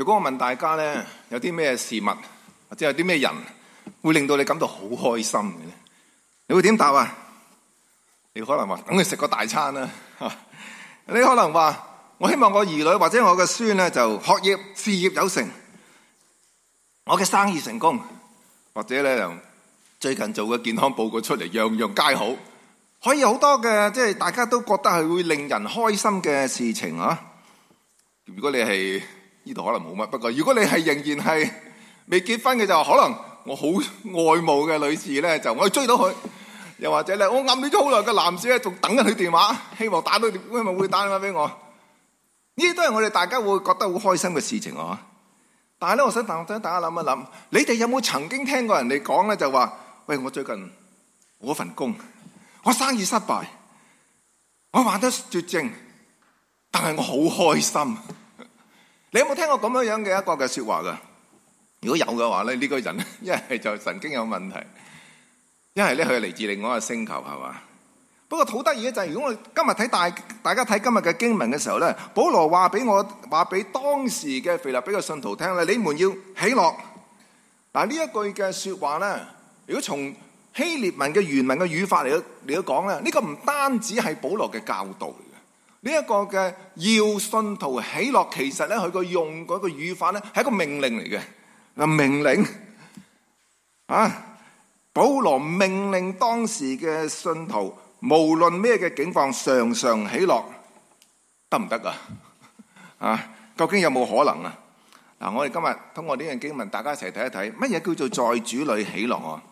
如果我問大家呢，有啲咩事物或者有啲咩人會令到你感到好開心嘅呢？你會點答啊？你可能話等佢食個大餐啦，你可能話我希望我兒女或者我嘅孫呢，就學業事業有成，我嘅生意成功，或者呢，最近做嘅健康報告出嚟，樣樣皆好，可以好多嘅即係大家都覺得係會令人開心嘅事情啊！如果你係，呢度可能冇乜，不過如果你係仍然係未結婚嘅，就可能我好愛慕嘅女士咧，就我追到佢，又或者咧，我暗戀咗好耐嘅男士咧，仲等緊佢電話，希望打到，會唔會打電話俾我？呢啲都係我哋大家會覺得好開心嘅事情啊！但係咧，我想等大家諗一諗，你哋有冇曾經聽過人哋講咧？就話喂，我最近我份工，我生意失敗，我患得絕症，但係我好開心。你有冇聽過咁樣樣嘅一個嘅說話噶？如果有嘅話咧，呢個人一係就神經有問題，一係咧，佢係嚟自另外個星球係嘛。不過好得意嘅就係，如果我今日睇大大家睇今日嘅經文嘅時候咧，保羅話俾我話俾當時嘅腓立比嘅信徒聽啦，你們要喜樂。嗱，呢一句嘅說話咧，如果從希臘文嘅原文嘅語法嚟到嚟到講咧，呢個唔單止係保羅嘅教導。呢一個嘅要信徒喜樂，其實咧佢個用嗰個語法咧係一個命令嚟嘅。嗱命令啊，保羅命令當時嘅信徒，無論咩嘅境況，常常喜樂，得唔得噶？啊，究竟有冇可能啊？嗱，我哋今日通過呢樣經文，大家一齊睇一睇乜嘢叫做在主裏喜樂啊？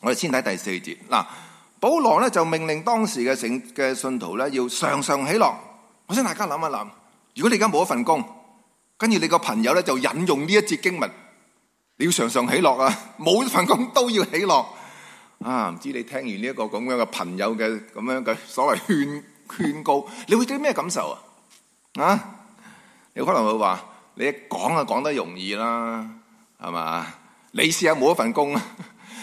我哋先睇第四節嗱。保羅咧就命令當時嘅聖嘅信徒咧要常常喜樂。我想大家諗一諗，如果你而家冇一份工，跟住你個朋友咧就引用呢一節經文，你要常常喜樂啊！冇一份工都要喜樂啊！唔知你聽完呢一個咁樣嘅朋友嘅咁樣嘅所謂勸勸告，你會啲咩感受啊？啊！你可能會話你一講啊講得容易啦，係嘛？你試下冇一份工，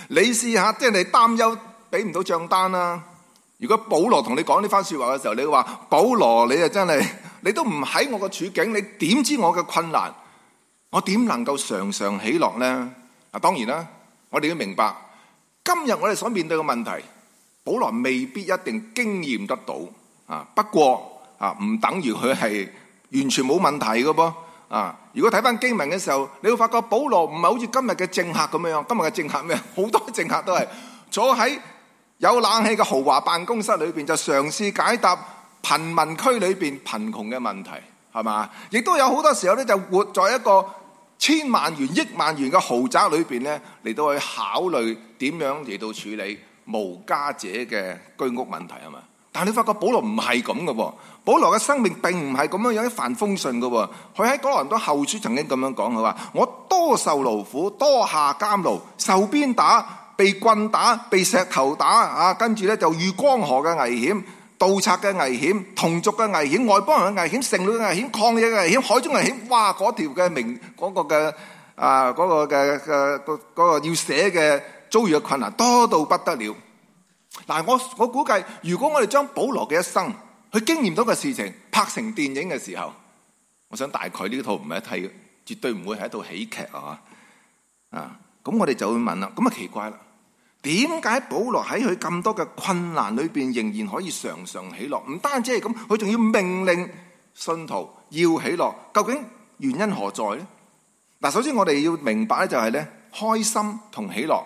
你試下即係你擔憂。俾唔到賬單啦！如果保羅同你講呢番說話嘅時候，你會話保羅，你啊真係，你都唔喺我個處境，你點知我嘅困難？我點能夠常常喜樂呢？嗱，當然啦，我哋要明白，今日我哋所面對嘅問題，保羅未必一定經驗得到啊。不過啊，唔等於佢係完全冇問題嘅噃啊。如果睇返經文嘅時候，你會發覺保羅唔係好似今日嘅政客咁樣樣，今日嘅政客咩？好多政客都係坐喺。有冷氣嘅豪華辦公室裏邊，就嘗試解答貧民區裏邊貧窮嘅問題，係嘛？亦都有好多時候咧，就活在一個千萬元、億萬元嘅豪宅裏邊咧，嚟到去考慮點樣嚟到處理無家者嘅居屋問題，係嘛？但你發覺保羅唔係咁嘅，保羅嘅生命並唔係咁樣樣一帆風順嘅，佢喺哥林多後書曾經咁樣講，佢話我多受勞苦，多下監牢，受鞭打。被棍打、被石頭打啊，跟住咧就遇江河嘅危險、盜賊嘅危險、同族嘅危險、外邦人嘅危險、城裏嘅危險、曠野嘅危險、海中危險，哇！嗰條嘅名，嗰、那個嘅啊，嗰、那個嘅嘅、那個嗰、那個要寫嘅遭遇嘅困難多到不得了。嗱、啊，我我估計，如果我哋將保羅嘅一生去經驗到嘅事情拍成電影嘅時候，我想大概呢套唔係一套，絕對唔會係一套喜劇啊！啊，咁我哋就會問啦，咁啊奇怪啦。點解保羅喺佢咁多嘅困難裏邊仍然可以常常喜樂？唔單止係咁，佢仲要命令信徒要喜樂。究竟原因何在呢？嗱，首先我哋要明白咧，就係咧開心同喜樂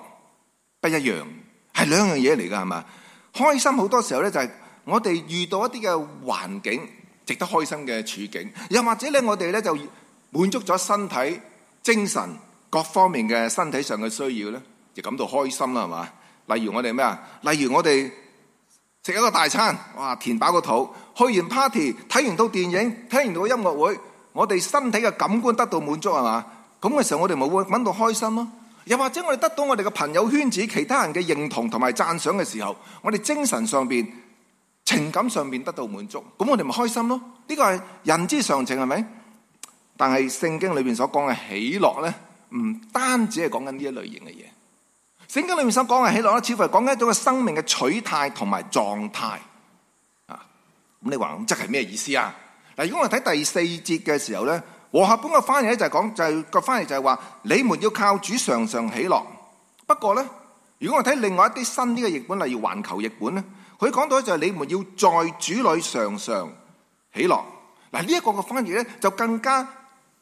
不一樣，係兩樣嘢嚟噶，係嘛？開心好多時候咧，就係我哋遇到一啲嘅環境值得開心嘅處境，又或者咧，我哋咧就滿足咗身體、精神各方面嘅身體上嘅需要咧。就感到開心啦，係嘛？例如我哋咩啊？例如我哋食一個大餐，哇，填飽個肚；去完 party，睇完套電影，聽完個音樂會，我哋身體嘅感官得到滿足，係嘛？咁嘅時候，我哋咪會搵到開心咯。又或者我哋得到我哋嘅朋友圈子其他人嘅認同同埋讚賞嘅時候，我哋精神上邊、情感上邊得到滿足，咁我哋咪開心咯。呢個係人之常情，係咪？但係聖經裏邊所講嘅喜樂咧，唔單止係講緊呢一類型嘅嘢。點解裡面所講嘅喜樂咧，似乎係講緊一種嘅生命嘅取態同埋狀態啊。咁你話咁即係咩意思啊？嗱，如果我哋睇第四節嘅時候咧，和合本嘅翻譯咧就係講，就係個翻譯就係話、就是、你們要靠主常常喜樂。」不過咧，如果我睇另外一啲新啲嘅譯本，例如環球譯本咧，佢講到就係、是、你們要在主裏常常喜樂。」嗱，呢一個嘅翻譯咧就更加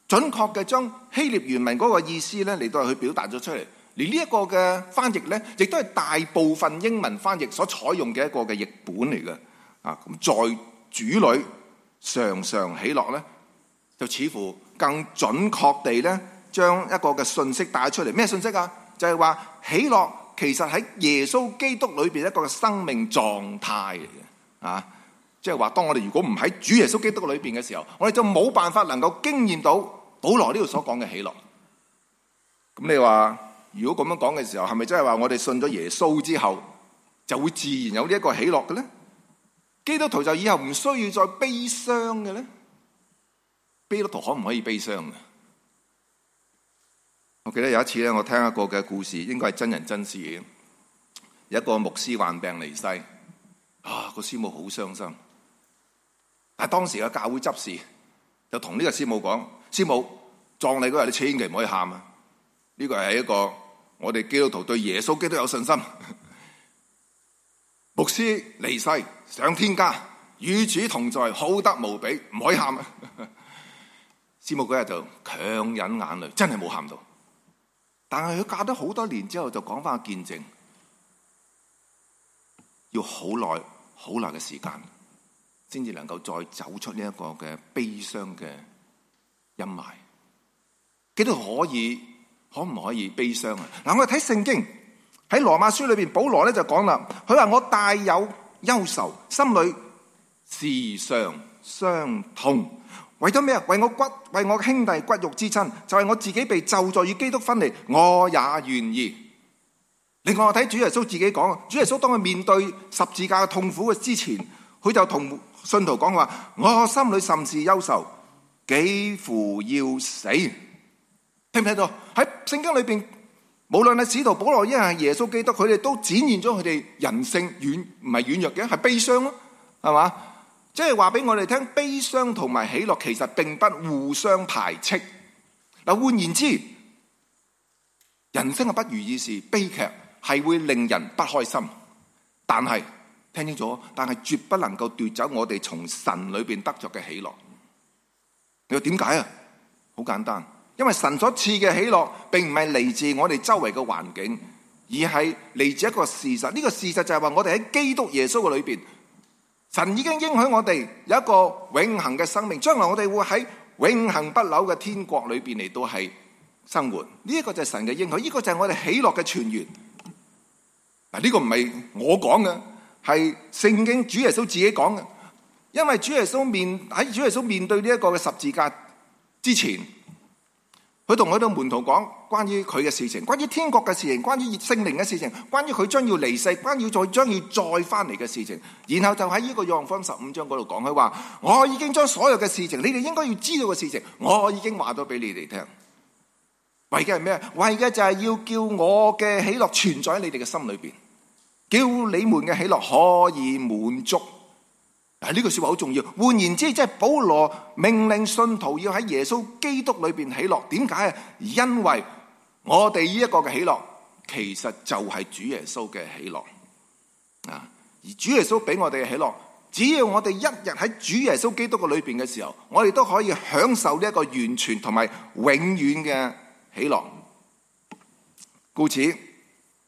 準確嘅將希臘原文嗰個意思咧嚟到去表達咗出嚟。而呢一個嘅翻譯呢，亦都係大部分英文翻譯所採用嘅一個嘅譯本嚟嘅啊。咁在主裏常常喜樂呢，就似乎更準確地呢將一個嘅信息帶出嚟。咩信息啊？就係話喜樂其實喺耶穌基督裏邊一個生命狀態嚟嘅啊。即係話，當我哋如果唔喺主耶穌基督裏邊嘅時候，我哋就冇辦法能夠經驗到保羅呢度所講嘅喜樂。咁你話？如果咁樣講嘅時候，係咪真係話我哋信咗耶穌之後就會自然有呢一個喜樂嘅咧？基督徒就以後唔需要再悲傷嘅呢？基督徒可唔可以悲傷？我記得有一次咧，我聽一個嘅故事，應該係真人真事嘅。有一個牧師患病離世，啊個師母好傷心，但係當時嘅教會執事就同呢個師母講：師母葬禮嗰日你千祈唔可以喊啊！呢、這個係一個。我哋基督徒對耶穌基督有信心，牧師離世上天家，與主同在，好得無比，唔可以喊啊！師母嗰日就強忍眼淚，真係冇喊到。但係佢隔咗好多年之後，就講翻見證，要好耐好耐嘅時間，先至能夠再走出呢個嘅悲傷嘅陰霾。基督可以。可唔可以悲傷啊？嗱，我哋睇聖經喺羅馬書裏邊，保羅咧就講啦，佢話我大有憂愁，心裏時常傷痛。為咗咩啊？為我骨，為我兄弟骨肉之親，就係、是、我自己被咒詛與基督分離，我也願意。另外我睇主耶穌自己講，主耶穌當佢面對十字架嘅痛苦嘅之前，佢就同信徒講話：我心裏甚是憂愁，幾乎要死。聽唔聽到？喺聖經裏邊，無論係使徒保羅因，依家係耶穌基督，佢哋都展現咗佢哋人性軟，唔係軟弱嘅，係悲傷咯，係嘛？即係話俾我哋聽，悲傷同埋喜樂其實並不互相排斥。嗱，換言之，人生嘅不如意事、悲劇係會令人不開心，但係聽清楚，但係絕不能夠奪走我哋從神裏邊得着嘅喜樂。你話點解啊？好簡單。因為神所賜的喜樂，並不是來自我們周圍的環境，而是來自一個事實。這個事實就是話，我們在基督耶穌的裏面，神已經應許我們有一個永恒的生命。將來我們會在永恒不朽的天國裏面來到係生活。這個就是神的應許，這個就是我們喜樂的泉源。這個不是我講的，是聖經主耶穌自己講的。因為主耶穌面，喺主耶穌面對這個十字架之前。佢同佢啲門徒講關於佢嘅事情，關於天國嘅事情，關於聖靈嘅事情，關於佢將要離世，關於再將要再翻嚟嘅事情，然後就喺呢個約翰福音十五章嗰度講，佢話：我已經將所有嘅事情，你哋應該要知道嘅事情，我已經話咗俾你哋聽。為嘅係咩？為嘅就係要叫我嘅喜樂存在喺你哋嘅心裏邊，叫你們嘅喜樂可以滿足。啊！呢句說話好重要。換言之，即係保羅命令信徒要喺耶穌基督裏邊喜樂。點解啊？因為我哋呢一個嘅喜樂，其實就係主耶穌嘅喜樂。啊！而主耶穌俾我哋嘅喜樂，只要我哋一日喺主耶穌基督嘅裏邊嘅時候，我哋都可以享受呢一個完全同埋永遠嘅喜樂。故此，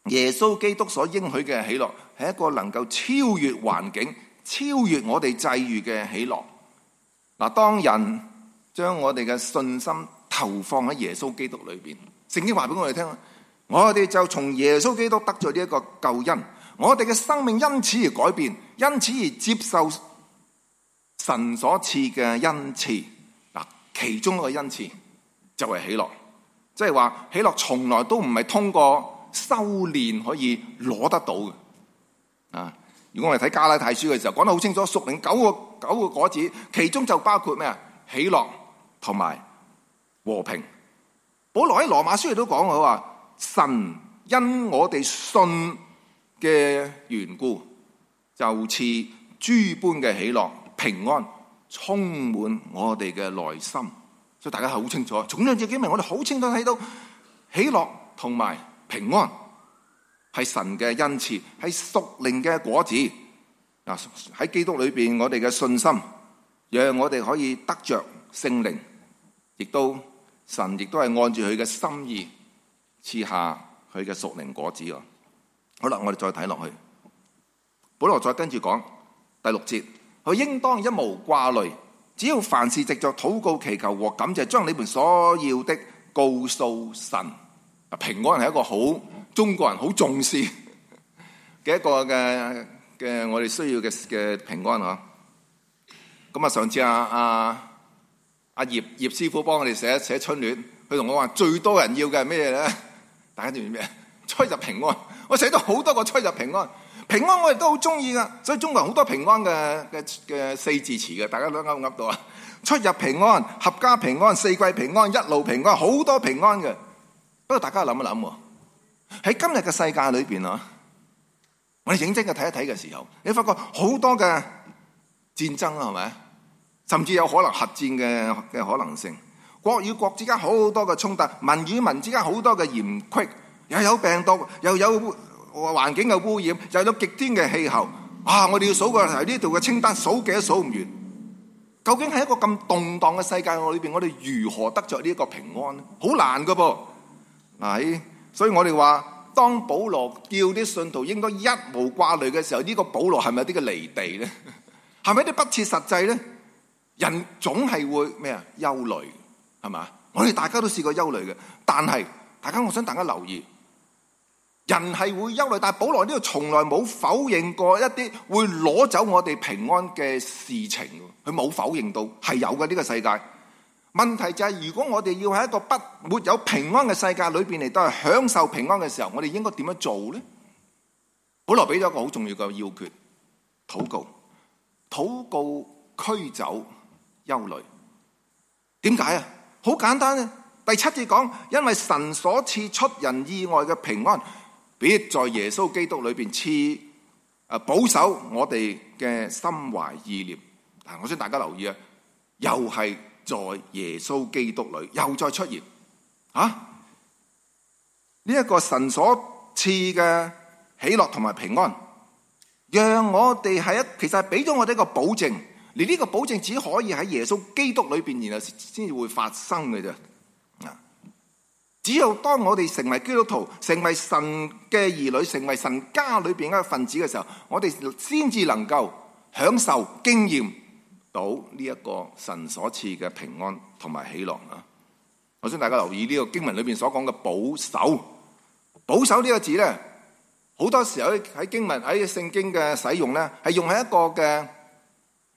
耶穌基督所應許嘅喜樂，係一個能夠超越環境。超越我哋際遇嘅喜樂。嗱，當人將我哋嘅信心投放喺耶穌基督裏邊，聖經話俾我哋聽，我哋就從耶穌基督得咗呢一個救恩，我哋嘅生命因此而改變，因此而接受神所賜嘅恩賜。嗱，其中一個恩賜就係喜樂，即係話喜樂從來都唔係通過修煉可以攞得到嘅，啊。如果我哋睇加拉太書嘅時候，講得好清楚，屬靈九個九個果子，其中就包括咩啊？喜樂同埋和平。保羅喺羅馬書亦都講佢話，神因我哋信嘅緣故，就似諸般嘅喜樂、平安，充滿我哋嘅內心。所以大家係好清楚，從呢隻經文，我哋好清楚睇到喜樂同埋平安。係神嘅恩賜，係屬靈嘅果子。嗱，喺基督裏邊，我哋嘅信心讓我哋可以得着聖靈，亦都神亦都係按住佢嘅心意賜下佢嘅屬靈果子。好啦，我哋再睇落去，保羅再跟住講第六節，佢應當一無掛慮，只要凡事藉着禱告祈求和感謝，將你們所要的告訴神。平安係一個好。中國人好重視嘅一個嘅嘅，我哋需要嘅嘅平安嗬。咁啊，上次啊啊阿、啊、葉葉師傅幫我哋寫寫春聯，佢同我話最多人要嘅係咩咧？大家知唔知咩？出入平安，我寫咗好多個出入平安平安，我哋都好中意噶，所以中國人好多平安嘅嘅嘅四字詞嘅，大家都啱啱噏到啊。出入平安、合家平安、四季平安、一路平安，好多平安嘅。不過大家諗一諗。喺今日嘅世界裏邊啊，我哋認真嘅睇一睇嘅時候，你發覺好多嘅戰爭啦，係咪？甚至有可能核戰嘅嘅可能性，國與國之間好多嘅衝突，民與民之間好多嘅嫌隙，又有病毒，又有環境嘅污染，又有極端嘅氣候啊！我哋要數個喺呢度嘅清單，數幾都數唔完。究竟喺一個咁動盪嘅世界裏邊，我哋如何得着呢一個平安？好難噶噃，嗱所以我哋話，當保羅叫啲信徒應該一無掛慮嘅時候，呢個保羅係咪啲嘅離地呢？係咪啲不切實際呢？人總係會咩啊？憂慮係嘛？我哋大家都試過憂慮嘅，但係大家，我想大家留意，人係會憂慮，但保羅呢度從來冇否認過一啲會攞走我哋平安嘅事情，佢冇否認到係有嘅呢個世界。問題就係、是，如果我哋要喺一個不沒有平安嘅世界裏邊嚟，都係享受平安嘅時候，我哋應該點樣做呢？保羅俾咗一個好重要嘅要訣，禱告，禱告驅走憂慮。點解啊？好簡單，第七節講，因為神所賜出人意外嘅平安，必在耶穌基督裏邊賜啊，保守我哋嘅心懷意念。我想大家留意啊，又係。在耶穌基督裏又再出現，啊！呢一個神所賜嘅喜樂同埋平安，讓我哋係一，其實係俾咗我哋一個保證，而呢個保證只可以喺耶穌基督裏邊然後先至會發生嘅啫。啊！只有當我哋成為基督徒、成為神嘅兒女、成為神家裏邊一個分子嘅時候，我哋先至能夠享受經驗到呢一個神所賜嘅平安同埋喜樂啊！我想大家留意呢個經文裏邊所講嘅保守，保守呢個字咧，好多時候喺經文喺聖經嘅使用咧，係用喺一個嘅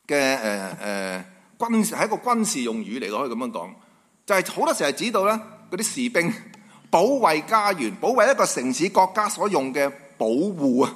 嘅誒誒軍，係一個軍事用語嚟咯，可以咁樣講，就係、係、好多時候指到咧嗰啲士兵保衞家園、保衞一個城市國家所用嘅保護啊。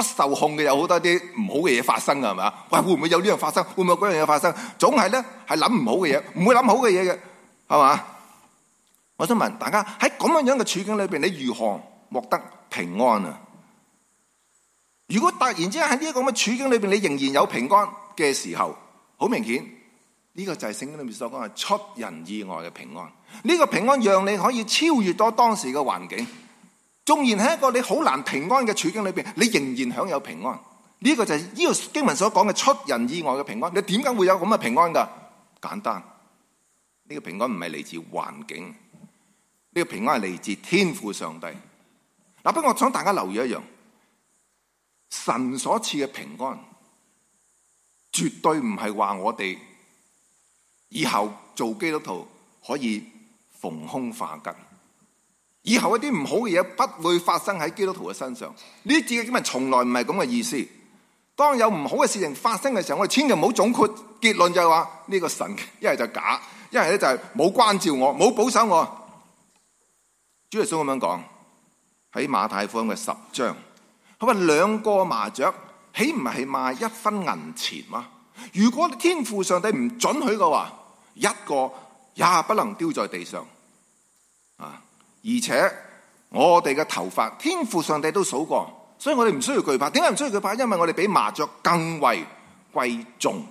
不受控嘅有好多啲唔好嘅嘢發生噶係嘛？喂，會唔會有呢樣發生？會唔會有嗰樣嘢發生？總係咧係諗唔好嘅嘢，唔會諗好嘅嘢嘅，係嘛？我想問大家喺咁樣樣嘅處境裏邊，你如何獲得平安啊？如果突然之間喺呢一個咁嘅處境裏邊，你仍然有平安嘅時候，好明顯呢個就係聖經裏面所講嘅出人意外嘅平安。呢個平安讓你可以超越到當時嘅環境。縱然喺一個你好難平安嘅處境裏邊，你仍然享有平安。呢個就係呢個經文所講嘅出人意外嘅平安。你點解會有咁嘅平安噶？簡單，呢個平安唔係嚟自環境，呢個平安係嚟自天父上帝。嗱，不過我想大家留意一樣，神所賜嘅平安，絕對唔係話我哋以後做基督徒可以逢凶化吉。以後一啲唔好嘅嘢不會發生喺基督徒嘅身上。呢啲字嘅經文從來唔係咁嘅意思。當有唔好嘅事情發生嘅時候，我哋千祈唔好總括結論就係話呢個神一係就假，一係咧就係冇關照我，冇保守我。主耶穌咁樣講喺馬太福音嘅十章，佢話兩個麻雀，豈唔係賣一分銀錢嗎？如果天父上帝唔准許嘅話，一個也不能丟在地上。而且我哋嘅頭髮天父上帝都數過，所以我哋唔需要懼怕。點解唔需要懼怕？因為我哋比麻雀更為貴重。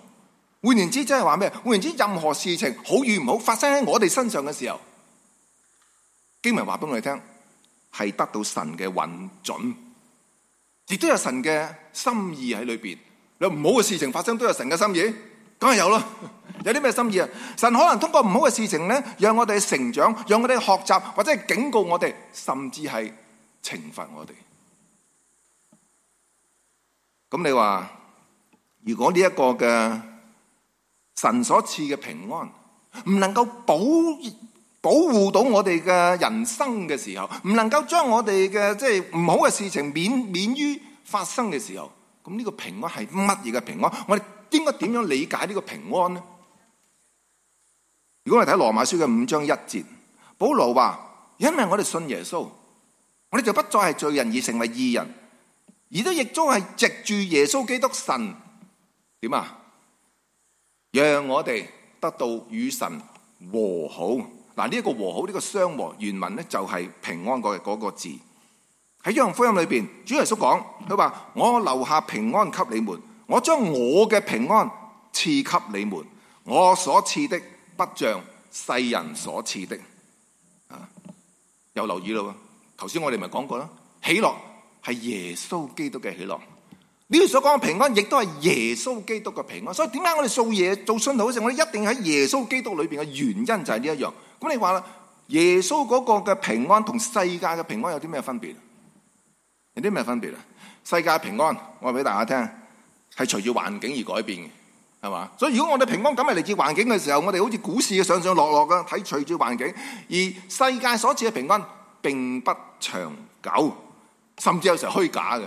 換言之，即係話咩？換言之，任何事情好與唔好發生喺我哋身上嘅時候，經文話俾我哋聽係得到神嘅允准，亦都有神嘅心意喺裏面。你話唔好嘅事情發生，都有神嘅心意。梗係有啦，有啲咩心意啊？神可能通過唔好嘅事情咧，讓我哋成長，讓我哋學習，或者係警告我哋，甚至係懲罰我哋。咁你話，如果呢一個嘅神所賜嘅平安，唔能夠保保護到我哋嘅人生嘅時候，唔能夠將我哋嘅即係唔好嘅事情免免於發生嘅時候，咁呢個平安係乜嘢嘅平安？我哋。應該點樣理解呢個平安呢？如果我哋睇羅馬書嘅五章一節，保羅話：因為我哋信耶穌，我哋就不再係罪人，而成為義人，而都亦都係藉住耶穌基督神點啊，讓我哋得到與神和好。嗱，呢一個和好，呢個相和原文呢就係平安嗰嘅嗰個字。喺約翰福音裏邊，主耶穌講，佢話：我留下平安給你們。我將我嘅平安賜給你們，我所賜的不像世人所賜的。啊，又留意咯。頭先我哋咪講過啦，喜樂係耶穌基督嘅喜樂，呢啲所講嘅平安亦都係耶穌基督嘅平安。所以點解我哋做嘢做信徒嘅時候，我哋一定喺耶穌基督裏邊嘅原因就係呢一樣。咁你話啦，耶穌嗰個嘅平安同世界嘅平安有啲咩分別？有啲咩分別啊？世界平安，我話俾大家聽。是隨住環境而改變的，是吧？所以如果我們的平安感是來自環境的時候，我們好像股市嘅上上落落嘅，睇隨住環境。而世界所賜的平安，並不長久，甚至有時虛假的，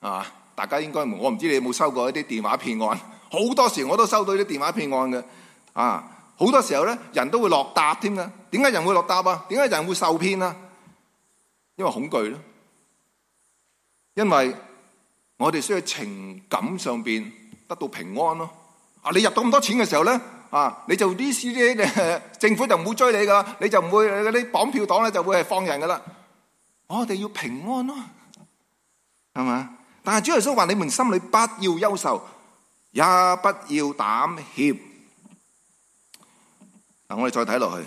係嘛？大家應該我不知道你有沒有收過一些電話騙案，好多時我都收到一些電話騙案的啊，好多時候呢，人都會落搭添嘅。點解人會落搭啊？點解人會受騙啊？因為恐懼咯，因為。我哋需要情感上邊得到平安咯。啊，你入到咁多錢嘅時候咧，啊，你就呢啲啲嘅政府就唔會追你噶啦，你就唔會嗰啲綁票黨咧就會係放人噶啦。我哋要平安咯，係嘛？但係主耶穌話：你們心裏不要憂愁，也不要膽怯。嗱，我哋再睇落去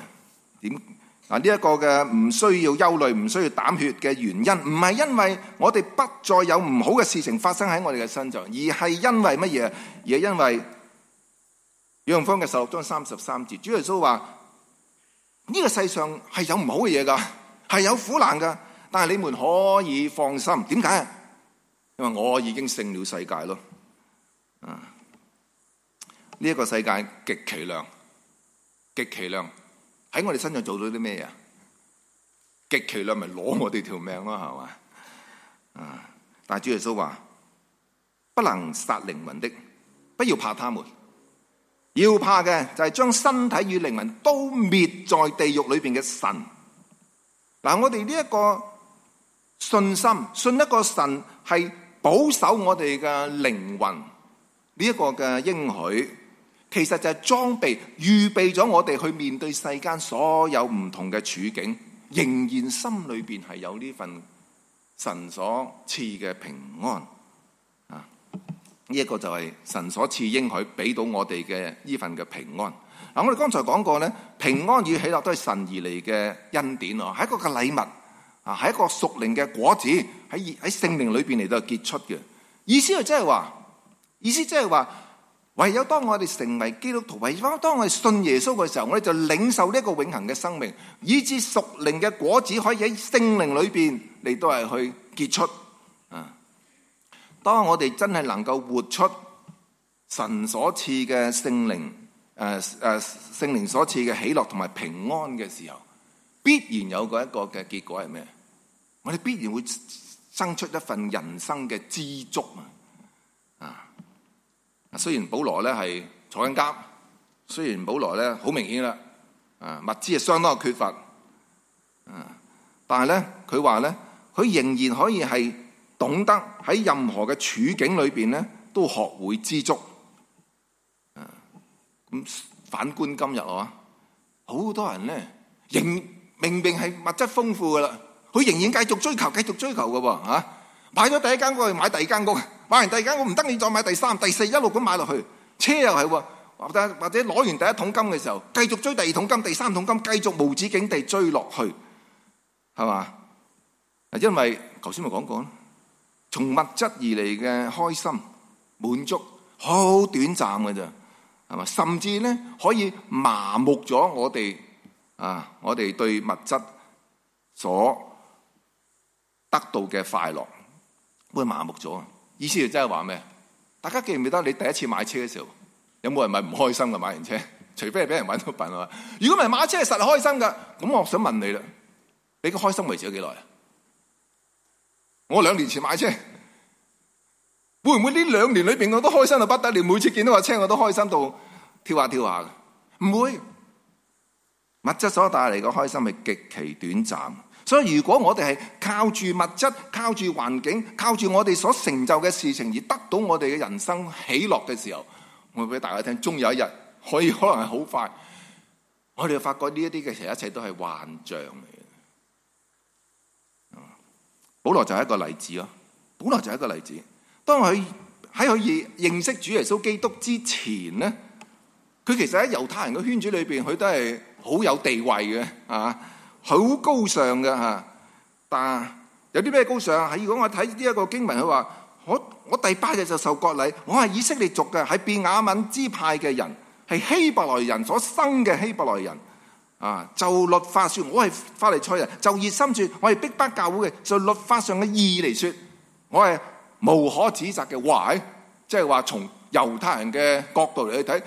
點。嗱，呢一個嘅唔需要憂慮、唔需要膽怯嘅原因，唔係因為我哋不再有唔好嘅事情發生喺我哋嘅身上，而係因為乜嘢？而係因為《約翰福音》十六章三十三節，主耶穌話：呢、這個世上係有唔好嘅嘢㗎，係有苦難㗎，但係你們可以放心。點解？因為我已經勝了世界咯。啊，呢、這個世界極其亮，極其亮。喺我哋身上做咗啲咩啊？極其量咪攞我哋條命咯，係嘛？啊！但係主耶穌話：不能殺靈魂的，不要怕他們。要怕嘅就係將身體與靈魂都滅在地獄裏邊嘅神。嗱，我哋呢一個信心，信一個神係保守我哋嘅靈魂呢一個嘅應許。其實就係裝備預備咗我哋去面對世間所有唔同嘅處境，仍然心裏邊係有呢份神所賜嘅平安啊！呢、這、一個就係神所賜應許俾到我哋嘅呢份嘅平安。嗱、啊，我哋剛才講過咧，平安與喜樂都係神而嚟嘅恩典啊，係一個嘅禮物啊，係一個屬靈嘅果子喺喺聖靈裏邊嚟到係結出嘅意思就即係話，意思即係話。唯有當我哋成為基督徒，唯有當我哋信耶穌嘅時候，我哋就領受呢一個永恆嘅生命，以致屬靈嘅果子可以喺聖靈裏邊，你都係去結出。啊！當我哋真係能夠活出神所賜嘅聖靈，誒誒，聖靈所賜嘅喜樂同埋平安嘅時候，必然有嗰一個嘅結果係咩？我哋必然會生出一份人生嘅知足啊！雖然保羅咧係坐緊監，雖然保羅咧好明顯啦，啊物資係相當缺乏，啊，但係咧佢話咧，佢仍然可以係懂得喺任何嘅處境裏邊咧，都學會知足。啊，咁反觀今日啊，好多人咧，仍明明係物質豐富噶啦，佢仍然繼續追求，繼續追求噶噃，吓買咗第一間屋，買第二間屋。買完第二間，我唔得你再買第三、第四，一路咁買落去。車又係喎，或者或者攞完第一桶金嘅時候，繼續追第二桶金、第三桶金，繼續無止境地追落去，係嘛？啊，因為頭先咪講過，從物質而嚟嘅開心、滿足，好短暫嘅啫，係嘛？甚至咧可以麻木咗我哋啊，我哋對物質所得到嘅快樂，會麻木咗啊！意思就真係話咩？大家記唔記得你第一次買車嘅時候，有冇有人買唔開心嘅買完車？除非係俾人揾到笨。如果唔係買車係實是開心嘅。咁我想問你啦，你嘅開心維持咗幾耐？我兩年前買車，會唔會呢兩年裏面我都開心到不得了？每次見到架車我都開心到跳下跳下嘅，唔會。物質所帶嚟嘅開心係極其短暫。所以如果我哋係靠住物質、靠住環境、靠住我哋所成就嘅事情而得到我哋嘅人生喜樂嘅時候，我俾大家聽，終有一日可以可能係好快，我哋發覺呢一啲嘅其實一切都係幻象嚟嘅。保羅就係一個例子咯，保羅就係一個例子。當佢喺佢認識主耶穌基督之前呢，佢其實喺猶太人嘅圈子裏面，佢都係好有地位嘅啊。好高尚嘅嚇，但有啲咩高尚啊？喺如果我睇呢一個經文，佢話我我第八日就受割禮，我係以色列族嘅，係便雅憫支派嘅人，係希伯來人所生嘅希伯來人。啊，就律法說，我係法利賽人；就熱心說，我係逼迫教會嘅。就律法上嘅意義嚟說，我係無可指責嘅。話喺即係話，從猶太人嘅角度嚟去睇。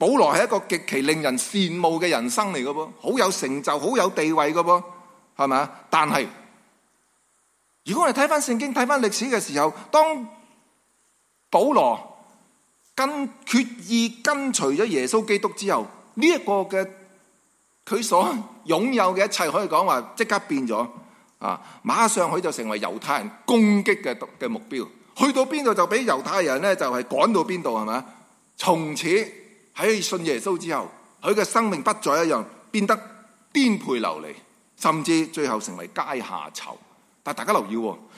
保羅係一個極其令人羨慕的人生嚟噶噃，好有成就，好有地位噶噃，係咪啊？但是如果我哋睇返聖經、睇返歷史的時候，當保羅跟決意跟隨咗耶穌基督之後，呢一個嘅佢所擁有的一切，可以講話即刻變咗啊！馬上佢就成為猶太人攻擊嘅目標，去到邊度就俾猶太人咧就係、是、趕到邊度，係咪啊？從此。喺信耶穌之後，佢嘅生命不再一樣，變得顛沛流離，甚至最後成為階下囚。但係大家留意，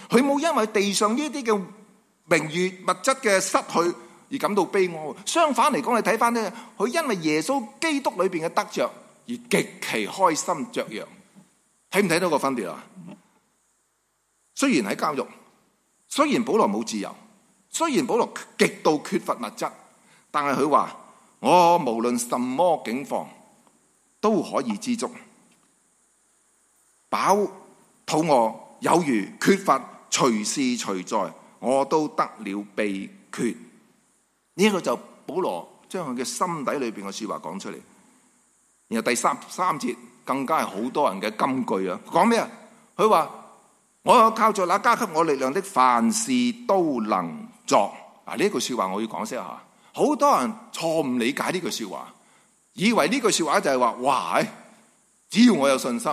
佢冇因為地上呢啲嘅名譽物質嘅失去而感到悲哀。相反嚟講，你睇翻呢，佢因為耶穌基督裏邊嘅得着而極其開心雀躍。睇唔睇到個分別啊？雖然喺監獄，雖然保羅冇自由，雖然保羅極度缺乏物質，但係佢話。我無論什麼境況都可以知足，飽、肚餓、有餘、缺乏，隨時隨在，我都得了秘訣。呢個就保羅將佢嘅心底裏邊嘅說話講出嚟。然後第三三節更加係好多人嘅金句啊！講咩啊？佢話，我靠住那加給我力量的，凡事都能作。呢一句說話我要講一下。好多人錯誤理解呢句説話，以為呢句説話就係話，喂，只要我有信心，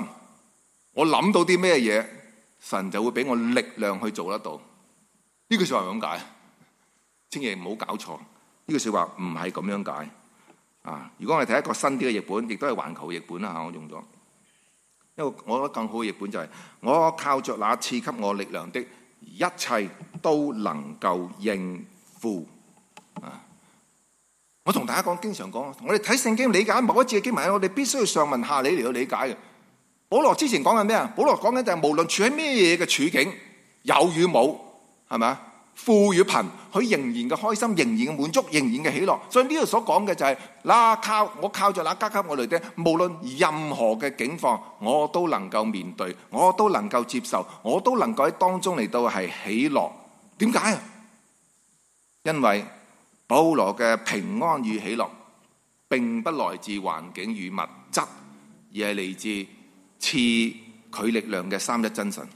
我諗到啲咩嘢，神就會俾我力量去做得到。呢句説話點解，千祈唔好搞錯，呢句説話唔係咁樣解。啊！如果我睇一個新啲嘅譯本，亦都係環球譯本啦。嚇，我用咗。因為我覺得更好嘅譯本就係、是：我靠着那賜給我力量的一切，都能夠應付。啊！我同大家講，經常講，我哋睇聖經理解某一字嘅經文，我哋必須要上文下理嚟到理解嘅。保羅之前講緊咩啊？保羅講緊就係無論處喺咩嘢嘅處境，有與冇，係咪啊？富與貧，佢仍然嘅開心，仍然嘅滿足，仍然嘅喜樂。所以呢度所講嘅就係嗱，靠我靠住那加給我嚟嘅，無論任何嘅境況，我都能夠面對，我都能夠接受，我都能夠喺當中嚟到係喜樂。點解啊？因為。保羅嘅平安與喜樂，並不來自環境與物質，而係嚟自賜佢力量嘅三一真神。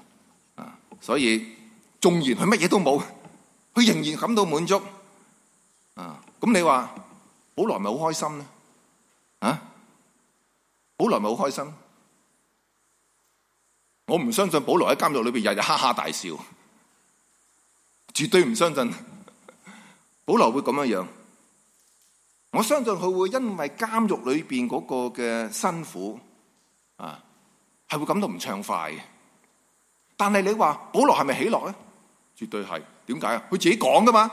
啊，所以縱然佢乜嘢都冇，佢仍然感到滿足。啊，咁你話保羅咪好開心咧？啊，保羅咪好開心？我唔相信保羅喺監獄裏面日日哈哈大笑，絕對唔相信。保羅會咁樣樣，我相信佢會因為監獄裏邊嗰個嘅辛苦，啊，係會感到唔暢快嘅。但係你話保羅係咪喜樂咧？絕對係。點解啊？佢自己講㗎嘛，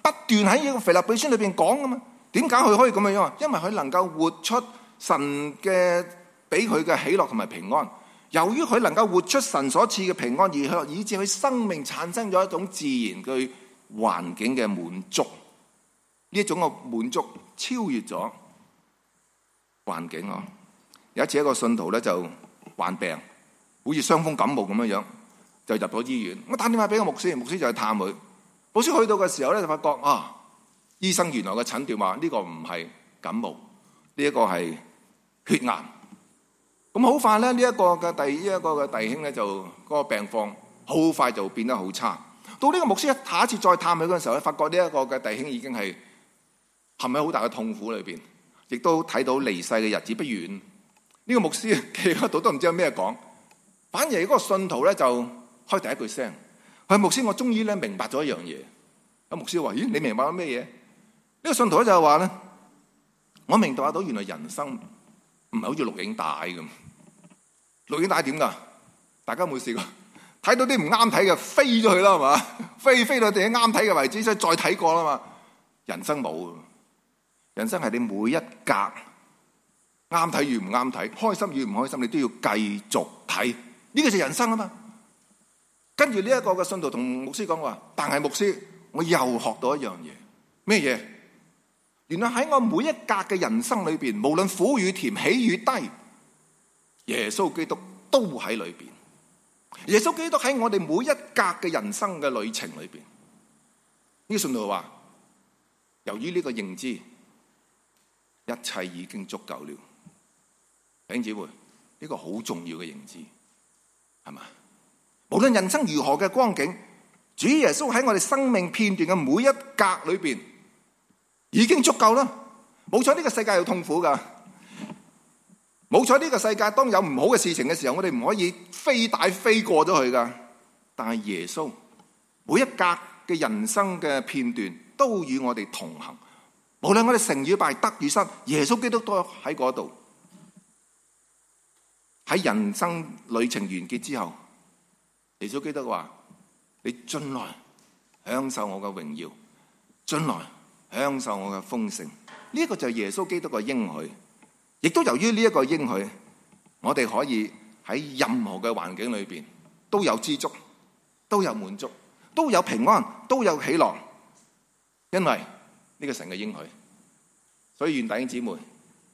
不斷喺呢個腓立比書裏邊講㗎嘛。點解佢可以咁樣樣啊？因為佢能夠活出神嘅，俾佢嘅喜樂同埋平安。由於佢能夠活出神所賜嘅平安而向，以致佢生命產生咗一種自然嘅。環境嘅滿足，呢一種嘅滿足超越咗環境啊。有一次，一個信徒咧就患病，好似傷風感冒咁樣樣，就入咗醫院。我打電話俾個牧師，牧師就去探佢。牧師去到嘅時候咧，就發覺啊，醫生原來嘅診斷話呢個唔係感冒，呢一個係血癌。咁好快咧，呢一個嘅弟呢一個嘅弟兄咧，就嗰個病況好快就變得好差。到呢個牧師一下一次再探佢嗰陣時候，佢發覺呢一個嘅弟兄已經係陷喺好大嘅痛苦裏邊，亦都睇到離世嘅日子不遠。呢個牧師企喺度都唔知有咩講，反而嗰個信徒咧就開第一句聲：，喂，牧師，我終於咧明白咗一樣嘢。阿牧師話：，咦，你明白咗咩嘢？呢個信徒咧就係話咧，我明白到原來人生唔係好似錄影帶咁，錄影帶點噶？大家有冇試過。睇到啲唔啱睇嘅，飛咗佢啦，係咪？飛飛到啲啱睇嘅位置，所以再睇過啦嘛。人生冇，人生係你每一格啱睇與唔啱睇，開心與唔開心，你都要繼續睇。呢個就係人生啊嘛。跟住呢一個嘅信徒同牧師講話，但係牧師，我又學到一樣嘢，咩嘢？原來喺我每一格嘅人生裏面，無論苦與甜、喜與低，耶穌基督都喺裏面。耶穌基督喺我哋每一格嘅人生嘅旅程裏面，耶穌基督話：由於呢個認知，一切已經足夠了。弟兄姊妹，呢、這個好重要嘅認知，係嘛？無論人生如何嘅光景，主耶穌喺我哋生命片段嘅每一格裏面已經足夠啦。冇錯，呢、這個世界有痛苦㗎。冇錯，呢個世界當有唔好嘅事情嘅時候，我哋唔可以飛帶飛過咗去㗎。但係耶穌每一格嘅人生嘅片段，都與我哋同行。無論我哋成與敗、得與失，耶穌基督都喺嗰度。喺人生旅程完結之後，耶穌基督話：你進來享受我嘅榮耀，進來享受我嘅豐盛。呢個就係耶穌基督嘅應許。亦都由於呢一個應許，我哋可以喺任何嘅環境裏面都有知足，都有滿足，都有平安，都有喜樂。因為呢個神嘅應許，所以願弟兄姊妹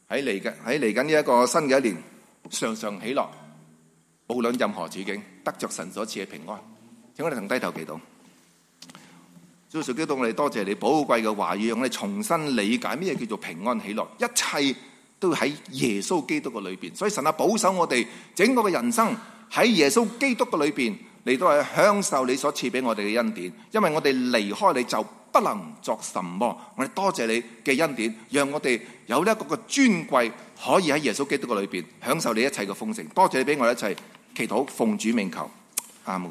喺嚟喺嚟緊呢一個新嘅一年，常常喜樂，無論任何處境，得著神所賜嘅平安。請我哋同低頭祈禱。主耶穌基督，我哋多謝你寶貴嘅話語，讓我哋重新理解咩叫做平安喜樂，一切，都喺耶穌基督嘅裏邊，所以神啊，保守我哋整個嘅人生喺耶穌基督嘅裏邊，嚟到去享受你所賜俾我哋嘅恩典，因為我哋離開你就不能作什麼。我哋多謝你嘅恩典，讓我哋有一個個尊貴可以喺耶穌基督嘅裏邊享受你一切嘅豐盛。多謝你俾我哋一齊祈禱，奉主名求阿門。